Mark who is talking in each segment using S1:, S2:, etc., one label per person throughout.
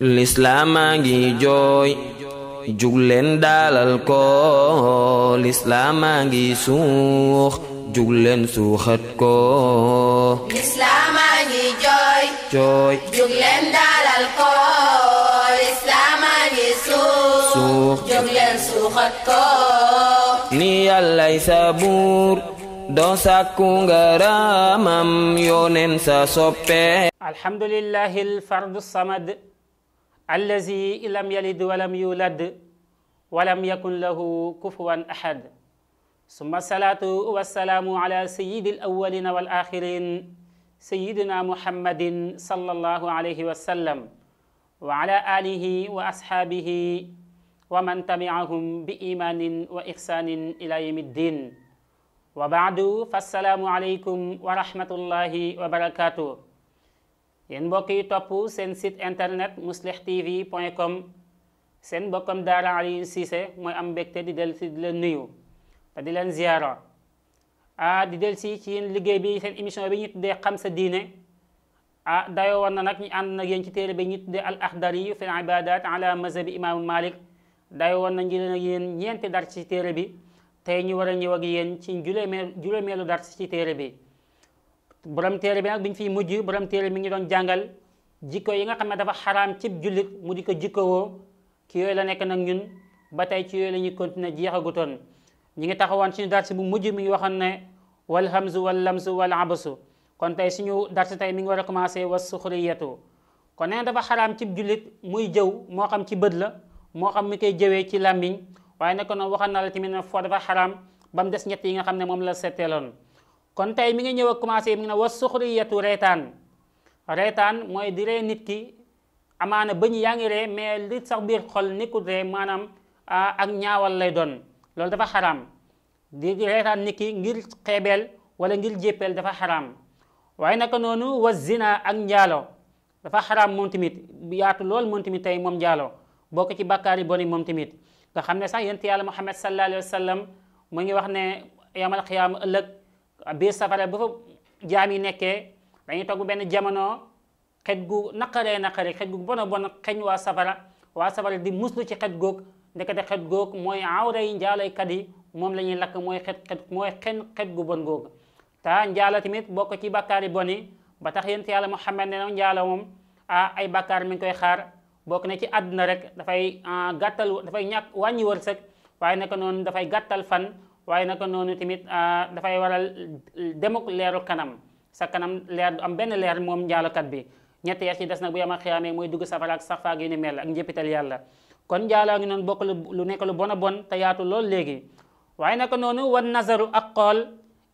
S1: lislaamaa ngi jooy jugleen daalal ko lislaamaa ngi suux jugleen suuxat ko ko lislaamaa ngi suux suux jugleen suuxat ko ni yàllay sa buur doo sàkku ngaramam yooneen samad allazi lam yalid walam yulad walam yakun lahu kufuwan ahad summa salaatu wassalaamu ala sayyidil awwalina wal axirin sayyidina muhammadin sallallahu alayhi wa sallam wa ala alihi wa ashaabihi wa man tabi'ahum bi imaanin wa ihsaanin ila yawmi ddin wa baadu fa assalaamu alaykum wa rahmatullahi wa barakaatuh yéen mbokk yi topp seen sit internet muslih tv point com seen mbokkam daara Alioune Cissé mooy am mbégte di del si di leen nuyu te di leen ziyaara a di del si ci yéen liggéey bi seen émission bi ñu tuddee xam sa diine a dayoo war na nag ñi ànd nag yéen ci téere bi ñu tuddee al axdari fi al ibadat ala mazhabi imaamu malik dayoo war na ñu leen yéen ñeenti dar ci téere bi tey ñu war a ñëw ak yéen ci juróomeelu dar ci téere bi borom téere bi nag duñ fiy mujj borom téere mi ngi doon jàngal jikko yi nga xam ne dafa xaraam cib jullit mu di ko jikkowoo ci yooyu la nekk nag ñun ba tey ci yooyu la ñuy continuer jeexagutoon ñu ngi taxawoon suñu darsi bu mujj mi ngi waxoon ne wal hamzu wal lamzu wal abasu kon tey suñu darsi tey mi ngi war a commencé was suxriyatu kon nee dafa xaraam cib jullit muy jëw moo xam ci bët la moo xam mi koy jëwee ci làmmiñ waaye nag kon waxoon na la tamit ne foo dafa xaraam ba mu des ñett yi nga xam ne moom la setteeloon kon tey mi ngi ñëw a commencé mi ngi ne was suxriyatu reetaan reetaan mooy di ree nit ki amaana bëñ yaa ngi ree mais li sax biir xol nekkul ree maanaam ak ñaawal lay doon loolu dafa xaraam di reetaan nit ki ngir xeebeel wala ngir jéppeel dafa xaraam waaye naka noonu wa zina ak njaalo dafa xaraam moom tamit yaatu lool moom tamit tey moom njaalo bokk ci bàkkaar yi boni moom tamit nga xam ne sax yent yàlla muhammad sallallahu alayhi wa sallam mu ngi wax ne yamal xiyaama biir safara ba fa jaam yi nekkee dañuy togg benn jamono xet gu naqaree naqaree xet gu bona bon xeñ waa safara waa safara di muslu ci xet goog ndekete xet goog mooy awra yi njaalaykat yi moom la ñuy lakk mooy xet xet mooy xet gu bon googu te njaala tamit bokk ci bàkkaar yi bon yi ba tax yént yàlla Muhammad ne na njaala moom ah ay bàkkaar mi ngi koy xaar bokk na ci àdduna rek dafay gàttal dafay ñàkk wàññi wërsëg waaye naka noonu dafay gàttal fan waaye naka noonu tamit ah, dafay waral demuk leeru kanam sa kanam leer du am benn leer moom njaalokat bi ñetti yeer ci des nag bu yama xiyaamee mooy dugg safara ak sax faag yu ni mel ak njëppital yàlla kon njaaloo ngi noonu bokk lu nekk lu bon a bon te yaatu lool léegi waaye naka noonu wan nazaru ak xool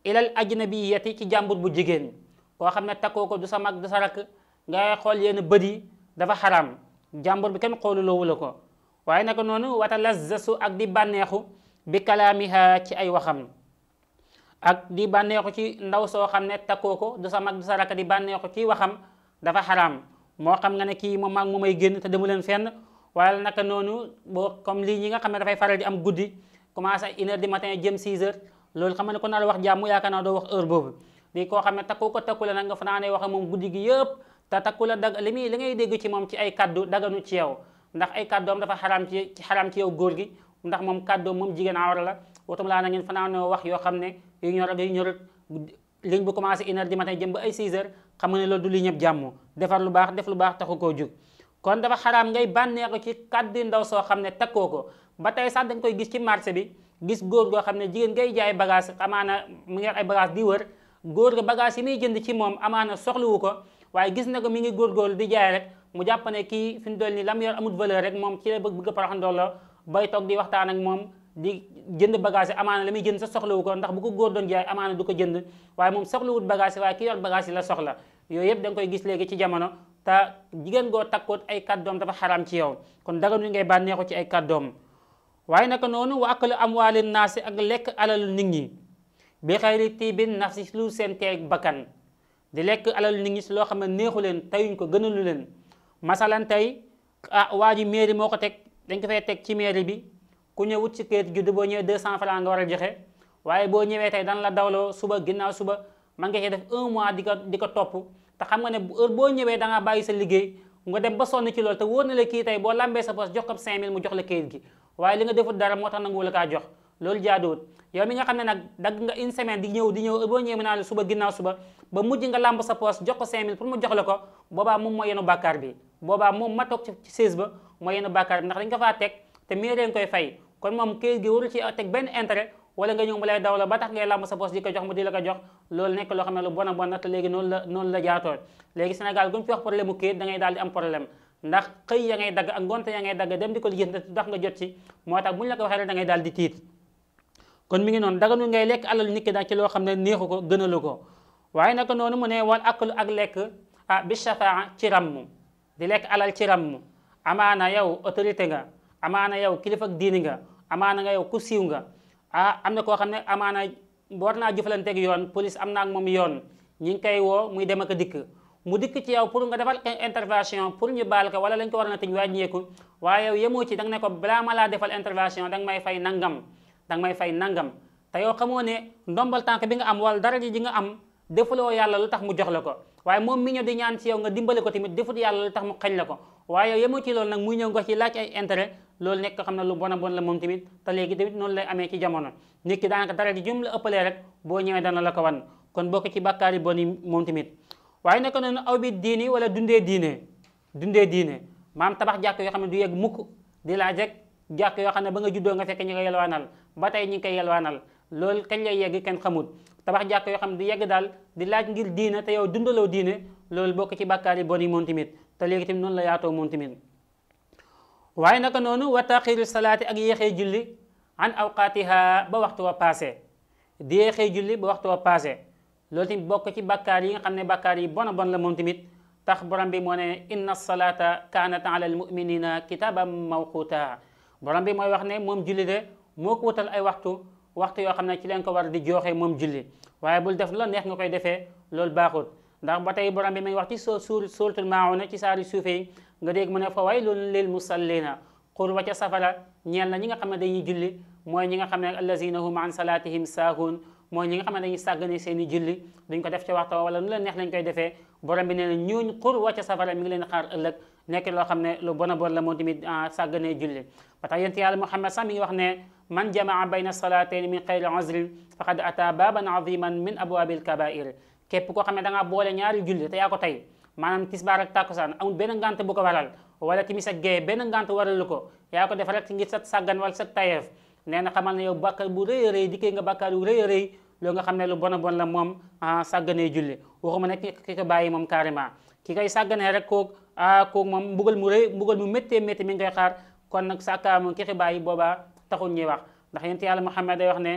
S1: ilal ajnabiyati ci jàmbur bu jigéen koo xam ne takkoo ko du sa mag du sa rakk nga xool yenn bët yi dafa xaram jàmbur bi kenn xooluloowu la ko waaye naka noonu wata lazzasu ak di bànneexu bi kalaamiha ci ay waxam ak di bànneexu ci ndaw soo xam ne takkoo ko du sa mag du sa rakk di bànneexu ci waxam dafa xaraam moo xam nga ne kii moom ak mu may génn te demu leen fenn wala naka noonu boo comme lii ñi nga xam ne dafay faral di am guddi commencé une heure du matin jëm 6 heures loolu xam ne ko nar wax jàmm yaakaar naa doo wax heure boobu di koo xam ne takku ko takku la nag nga fanaanee wax moom guddi gi yëpp te takku la dag li muy ngay dégg ci moom ci ay kaddu daganu ci yow ndax ay kaddoom dafa xaraam ci xaraam ci yow góor gi ndax moom kàddoo moom jigéen awra la watum laa na ngeen fanaanoo wax yoo xam ne yu ñor ak yu ñorut ligne bu commencé une heure du jëm ba ay 6 xam ne loolu du li ñëpp jàmm defar lu baax def lu baax taxu koo jug kon dafa xaraam ngay bànneexu ci kàddu ndaw soo xam ne takkoo ko ba tey sax dañ koy gis ci marché bi gis góor goo xam ne jigéen ngay jaay bagage amaana mu ngi ay bagage di wër góor ga bagage yi muy jënd ci moom amaana soxlawu na ko mi ngi góorgóorlu di jaay rek mu jàpp ne kii fi mu mu yor amut valeur rek moom ci la bëgg a bay toog di waxtaan ak moom di jënd bagage yi amaana la muy jënd sa soxlawu ko ndax bu ko góor doon jaay amaana du ko jënd waaye moom soxlawut bagage yi waaye ki yor bagage yi la soxla yooyu yëpp da nga koy gis léegi ci jamono te jigéen goo takkoot ay kàddoom dafa xaram ci yow kon daganul ngay bànneexu ci ay kàddoom waaye naka noonu wa akalu amwaali naasi ak lekk alalu nit ñi bi xayri tiibin naf si lu seen teeg bakkan di lekk alalu nit ñi si loo xam ne neexu leen tayuñ ko gënalu leen masalan tey ah waa ji mairie moo ko teg dañ ko fay teg ci mairie bi ku ñëwut ci kayit juddu boo ñëwee 200 francs nga war a joxe waaye boo ñëwee tey dan la dawloo suba ginnaaw suba man nga ci def un mois di ko ko topp te xam nga ne heure boo ñëwee da nga bàyyi sa liggéey nga dem ba sonn ci loolu te kii tey boo lambee sa poche jox ko 5000 mu jox la kayit gi waaye li nga defut dara moo tax nangu la kaa jox loolu jaaduwut yow mi nga xam ne nag dagg nga une semaine di ñëw di ñëw boo ñëwee naa la suba ginnaaw suba ba mujj nga làmb sa poche jox ko 5000 pour mu jox la ko boobaa moom mooy yenu bàkkaar bi boobaa moom ma toog ci 16 ba mooy yenn bàkkaar bi ndax dañ ko faa teg te mii leen koy fay kon moom këyit gi waru ci teg benn intérêt wala nga ñëw mu lay daw la ba tax ngay làmb sa poos di ko jox mu di la ko jox loolu nekk loo xam ne lu bon a bon na te léegi noonu la noonu la jaatoo léegi Sénégal gu ngonte ya ngay dagg dem di ko lijjanti ndax nga jot ci moo tax bu ñu la ko waxee rek da ngay di tiit kon mi ngi noonu daganul ngay lekk alal nit ki daal ci loo xam ne neexu ko gënalu ko waaye naka noonu mu ne wal aklu ak lekk ah bi shafaa ci ràmm di lekk alal ci ràmm amaana yow autorité nga amaana yow kilifa diini nga amaana nga yow ku siiw nga ah am na koo xam ne amaana war naa jëfalanteeg yoon police am naa ak moom yoon ñi ngi koy woo muy dem ak dikk mu dikk ci yow pour nga defal intervention pour ñu baal ko wala lañ ko war na tëj wàññeeku waaye yow yemoo ci da ne ko balaa ma laa defal intervention da may fay nangam da nga may fay nangam te yow xamoo ne ndombal tànk bi nga am wala dara ji nga am defuloo yàlla lu tax mu jox la ko waaye moom mi ñëw ñaan ci yow nga dimbale ko tamit defut yàlla lu tax mu xañ la ko waaye yemoo ci loolu nag muy ñëw nga ci laaj ay intérêt loolu nekk xam ne lu bon a bon la moom tamit te léegi tamit noonu lay amee ci jamono nit ki daanaka dara ji jum la ëppalee rek boo ñëwee dana la ko wan kon bokk ci bàkkaar yi bon yi moom tamit waaye nekk noonu aw bi diini wala dundee diine dundee diine maam tabax jàkk yoo xam ne du yegg mukk di laaj rek jàkk yoo xam ne ba nga juddoo nga fekk ñu koy yelwaanal ba tey ñu ngi koy yelwaanal loolu kañ yegg kenn xamut tabax jàkk yoo xam ne du yegg daal di laaj ngir diine te yow dundaloo diine loolu bokk ci bàkkaar yi bon yi moom te léegi tamit noonu la yaatoo moom tamit waaye naka noonu wa taxiru salaati ak yéexee julli an awqaatiha ba waxtu wa passé di yéexee julli ba waxtu wa passé loolu tamit bokk ci bàkkaar yi nga xam ne bàkkaar yi bon a la moom tamit tax borom bi moo ne inna salaata kaanat ala almuminina kitaaban mawquuta borom bi mooy wax ne moom julli de moo ko wutal ay waxtu waxtu yoo xam ne ci leen ko war di jooxee moom julli waaye bul def la neex nga koy defee loolu baaxul ndax ba tey borom bi mi ngi wax ci soo suur suuratul maawuna ci saari suufe yi nga dégg mu ne fa waylun lil musallina xur wa ca safara ñeel na ñi nga xam ne dañuy julli mooy ñi nga xam ne allazina hum an salatihim saahuun mooy ñi nga xam ne dañuy sàggane seen i julli duñ ko def ca waxtu wala nu leen neex lañ koy defee borom bi nee na ñooñ xur wa ca safara mi ngi leen xaar ëllëg nekk loo xam ne lu bon a bon la moom tamit ah, sàgganee julli ba tax yonent yàlla Muhammad sax mi ngi wax ne man jamaa bayna salatayn min xayri uzrin faqad ata baban aziman min abwabil kabair képp koo xam ne da ngaa boole ñaari julli te yaa ko tey maanaam tisbaar ak takkusaan amul benn ngant bu ko waral wala timis ak gee benn ngant waralu ko yaa ko def rek ngir sa sàggan wala sa tayeef nee na xamal ne yow bàkkaar bu rëy a rëy dikkee nga bàkkaar bu rëy a rëy loo nga xam ne lu bon a bon la moom sàgganee julli waxuma ne ki ko moom carrément ki koy sagganee rek koog koog moom mbugal mu rëy mbugal mu méttee mi ngi koy xaar kon nag sàkkaa moom ki ko bàyyi boobaa taxul ñuy wax ndax yent yàlla Muhammad day wax ne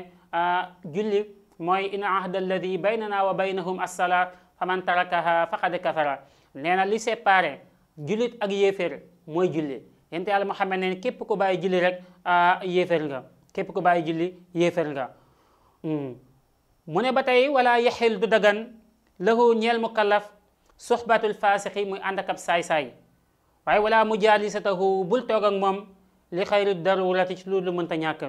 S1: julli mooy in ahda alladi baynana wa baynahum assalaat faman tarakaha faqad kafara nee na li séparé jullit ak yéeféer mooy julli yente yàlla Muhammad ne képp ku bàyyi julli rek ah, yéeféer nga képp ku bàyyi julli yéeféer nga hmm. mu ne ba tey wala yaxil du dagan lahu ñeel mukallaf suxbatul faasixi muy ànd ak ab saay-saay waaye wala mujaalisatahu bul toog ak moom li xayri darurati ci loolu lu mënta ñàkk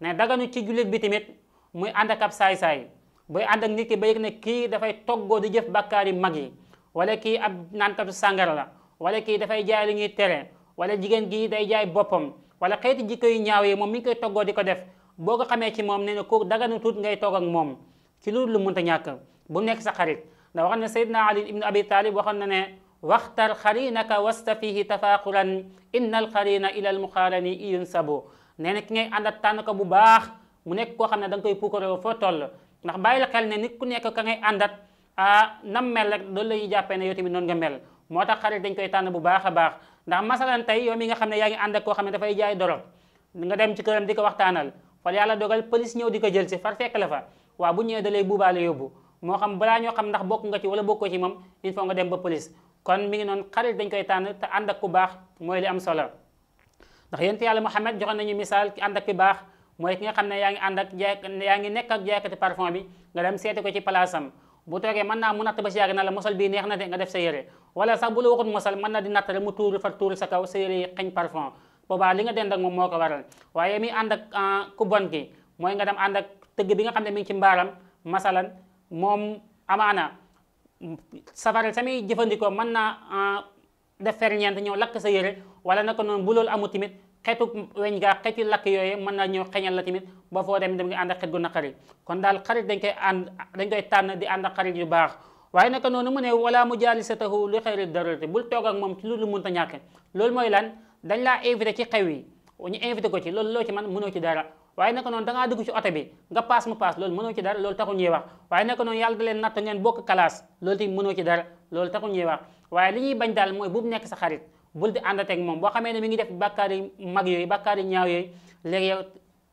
S1: ne daganu ci jullit bi tamit muy ànd ak ab saay-saay buy ànd ak nit ki ba yëg ne kii dafay toggoo di jëf bakkaari yu mag yi wala kii ab naankatu sàngara la wala kii dafay jaay li ñuy tere wala jigéen gi day jaay boppam wala xeeti jikko yu ñaaw yi moom mi ngi koy toggoo di ko def boo ko xamee ci moom nee na daga daganu tuut ngay toog ak moom ci loolu lu mun mënta ñàkk bu nekk sa xarit ndax waxoon na Seydina Ali ibnu Abi Talib waxoon na ne waxtar xarinaka wastafihi tafaaquran inna al xarina ila al muxaarani iyun sabo nee na ki ngay tànn ko bu baax mu nekk koo xam ne danga koy puukaroo foo toll ndax bàyyi la xel ne nit ku nekk ka ngay àndat ah nam mel rek loolu la ñuy jàppee ne yow tamit noonu nga mel moo tax xarit dañ koy tànn bu baax a baax ndax masalan tey yow mi nga xam ne yaa ngi koo xam ne dafay jaay dorog nga dem ci këram di ko waxtaanal fal yàlla dogal police ñëw di ko jël si far fekk la fa waaw bu ñëwee da lay buubaale yóbbu moo xam balaa ñoo xam ndax bokk nga ci wala bokkoo ci moom il faut nga dem ba police kon mi ngi noonu xarit dañ koy tànn te ànd ak ku baax mooy li am solo ndax yéen yàlla Muhammad joxoon nañu misaal ki ànd ki baax mooy ki nga xam ne yaa ngi ànd ak jaay yaa ngi nekk ak jaaykati parfum bi nga dem seeti ko ci place am bu toogee mën naa mu natt ba si yàgg na la mosal bii neex na de nga def sa yére wala sax bu la mosal mën na di natt rek mu tuur sa kaw sa boobaa li nga dend ak moom moo ko waral waaye mi ànd ak ah, ku bon ki nga dem ànd ak tëgg bi nga xam ne mi ngi ci mbaaram masalan moom amaana safara samay jëfandikoo mën naa ah, def ferñeent ñëw lakk sa yére wala naka noonu bu loolu amul xeetu weñ gaa xeeti lakk yooyu mën na ñëw xeñal la tamit ba foo dem dem nga ànd ak xet gu naqari kon daal xarit dañ koy ànd dañ koy tànn di ànd ak xarit yu baax waaye naka noonu mu ne loo ci man mënoo ci dara waaye da ngaa dugg ci oto bi nga paas mu paas loolu mënoo ci ci dara loolu taxul ñuy wax waaye li ñuy bañ daal mooy bu nekk sa xarit bul di àndate ak moom boo xamee ne mi ngi def bàkkaar yi mag yooyu bàkkaar ñaaw yooyu léegi yow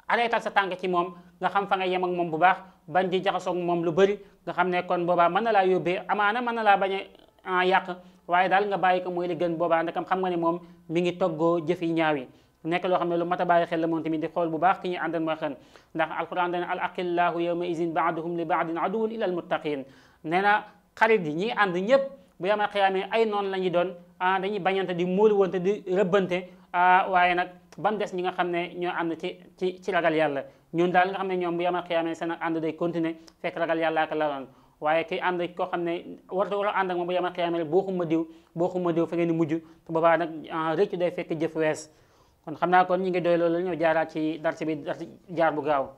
S1: arrêtal sa tànk ci moom nga xam fa nga yem ak moom bu baax bañ di jaxasoog moom lu bëri nga xam ne kon boobaa mën na laa yóbbee amaana mën na laa bañ a ah, yàq waaye daal nga bàyyi ko mooy li gën boobaa ndakam xam nga ne moom mi ngi toggoo jëf yi ñaaw yi nekk loo xam ne lu mat a bàyyi xel la moom tamit di xool bu baax ki ñuy àndan mooy xel ndax alquran dana al aqillahu yawma izin baaduhum li baadin aduwun ila almuttaqin nee na xarit yi ñi ànd ñëpp bu yamal xiyaamee ay noonu la ñuy doon ah dañuy bañante di móoruwante di rëbbante ah, waaye nag ba mu des ñi nga xam ne ñoo ànd ci ci ci ragal yàlla ñun daal nga xam ne ñoom bu yamal xiyaamee seen ànd day continuer fekk ragal yàlla ak la doon waaye ki ànd koo xam ne warta war a ànd ak moom bu yamal xiyaamee boo xuma diw ngeen di mujj te boobaa nag ah, rëccu day fekk jëf wees kon xam naa kon ñu ngi doy loolu ñëw jaaraat ci darsi bi jaar bu gaaw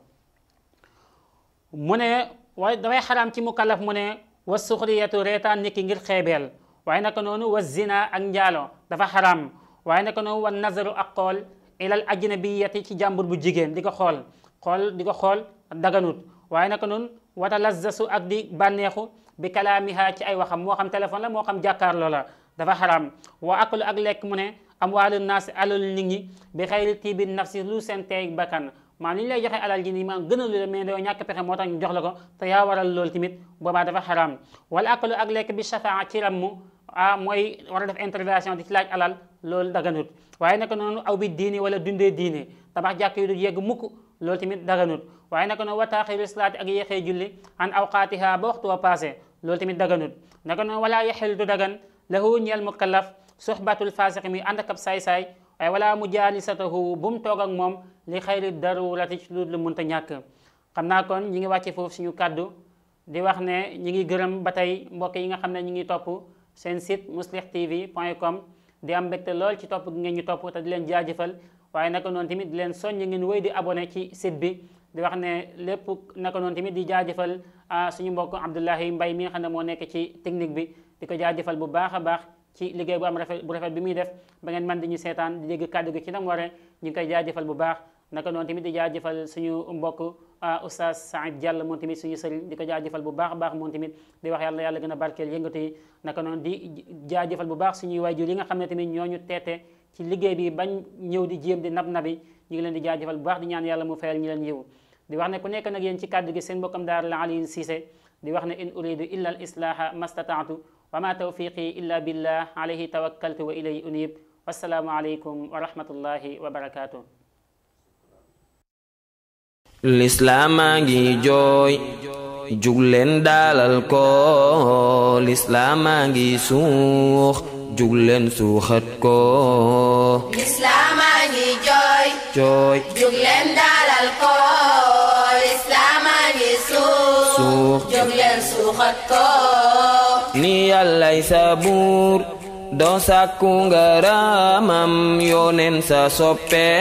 S1: mu ne waaye dafay xaraam ci mukallaf mu ne wa suxriyatu reetaan nit ki ngir xeebeel waaye naka noonu wa zina ak njaalo dafa xaraam waaye naka noonu wa nazaru ak xool ilal ajnabiyati ci jàmbur bu jigéen di ko xool xool di ko xool daganut waaye naka noonu wata lazzasu ak di banneexu bi kalaamiha ci ay waxam moo xam téléphone la moo xam jàkkaarloo la dafa xaraam wa aklu ak lekk mu ne am waalu naas alalu nit ñi bi xayri tiibi nafsi lu seen teey bakkan maanaam li lay joxe alal ji nii maanaam gënalu la mais doo ñàkk pexe moo tax ñu jox la ko te yaa waral loolu tamit boobaa dafa xaraam ak lekk bi shafaa ci rammu ah mooy war a def intervention di ci laaj alal loolu daganut waaye naka noonu aw bi diini wala dundee diine tabax jàkk yu du yegg mukk loolu tamit daganut waaye naka noonu wa taaxiru salaati ak yéexee julli an awqaatiha ba waxtu wa passé loolu tamit daganut naka noonu walaa yaxelu du dagan lahu ñeel mukallaf suxbatul faasiq mi ànd ak ab saay-saay waaye walaa mujaalisatahu bu mu toog ak moom li xayri darurati ci lu lu mënta ñàkk xam naa kon ñi ngi wàcce foofu suñu kàddu di wax ne ñi ngi yi nga xam ne ñi ngi topp seen site mouslih tv point com di am mbégte lool ci topp gi ngeen ñu topp te di leen jaajëfal waaye naka noonu tamit di leen soññ ngeen wéy di abonné ci site bi di wax ne ah, suñu mbokk Abdoulahi Mbay mi xam ne moo nekk ci technique bi di ko jaajëfal bu baax a baax ci liggéey bu am rafet bu rafet bi muy def ba ngeen mën di ñu seetaan di dégg kàddu gi ci nam waree ñu koy jaajëfal bu baax naka noonu tamit di jaajëfal suñu mbokk Ah, oustaz Saïd Diallo moom tamit suñu sëriñ di ko jaajëfal bu baax a baax moom tamit di wax yàlla yàlla gën a barkeel yëngatu yi naka noonu di jaajëfal bu baax suñuy waajur yi nga xam ne tamit ñooñu teete ci liggéey bi bañ ñëw di jéem di nab nabi ñu ngi leen di jaajëfal bu baax di ñaan yàlla mu fayal ñu leen yiw di wax ne ku nekk nag yen ci kàddu gi seen mbokkam daara la Alioune Cissé di wax ne in uridu illa al islaha mastataatu wa ma tawfiqi illa billah alayhi tawakkaltu wa ilayhi unib wassalaamu aleykum wa rahmatullahi wa barakatuh lislaamaa ngi jooy jugleen daalal ko lislaamaa ngi suux jugleen suuxat ko lislaamaa ngi ni yàllay sa buur doo sàkku yooneen sa soppe